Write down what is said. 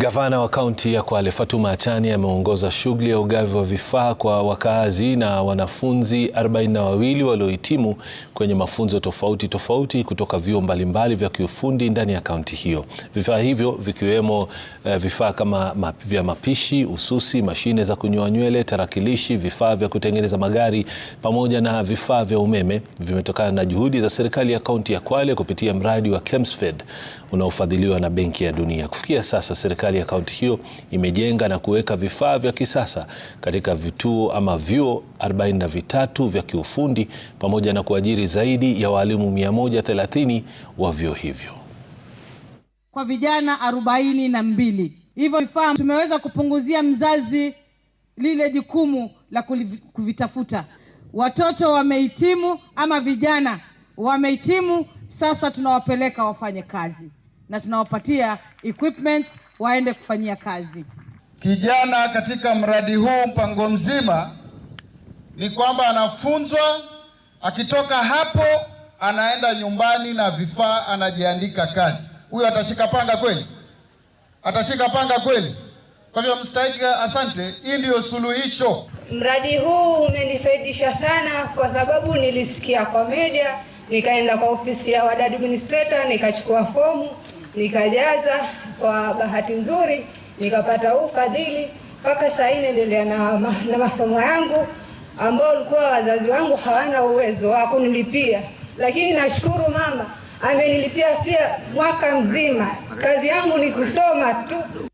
Gavana wa kaunti ya Kwale Fatuma Achani ameongoza shughuli ya ugavi wa vifaa kwa wakaazi na wanafunzi 42 waliohitimu kwenye mafunzo tofauti tofauti kutoka vyuo mbalimbali vya kiufundi ndani ya kaunti hiyo. Vifaa hivyo vikiwemo eh, vifaa kama map, vya mapishi, ususi, mashine za kunyoa nywele, tarakilishi, vifaa vya kutengeneza magari pamoja na vifaa vya umeme vimetokana na juhudi za serikali ya kaunti ya Kwale kupitia mradi wa Kemsfed unaofadhiliwa na Benki ya Dunia. Kufikia sasa serikali serikali ya kaunti hiyo imejenga na kuweka vifaa vya kisasa katika vituo ama vyuo 43 vya kiufundi pamoja na kuajiri zaidi ya walimu 130 wa vyuo hivyo kwa vijana 42. Hivyo vifaa tumeweza kupunguzia mzazi lile jukumu la kuvitafuta. Watoto wamehitimu ama vijana wamehitimu, sasa tunawapeleka wafanye kazi na tunawapatia equipment waende kufanyia kazi. Kijana katika mradi huu mpango mzima ni kwamba anafunzwa, akitoka hapo anaenda nyumbani na vifaa, anajiandika kazi. Huyo atashika panga kweli? Atashika panga kweli? Kwa hivyo mstahiki, asante. Hii ndiyo suluhisho. Mradi huu umenifaidisha sana, kwa sababu nilisikia kwa media, nikaenda kwa ofisi ya ward administrator nikachukua fomu nikajaza. Kwa bahati nzuri nikapata ufadhili, mpaka sasa hivi naendelea na, na masomo yangu ambao walikuwa wazazi wangu hawana uwezo wa kunilipia, lakini nashukuru mama amenilipia pia mwaka mzima. Kazi yangu ni kusoma tu.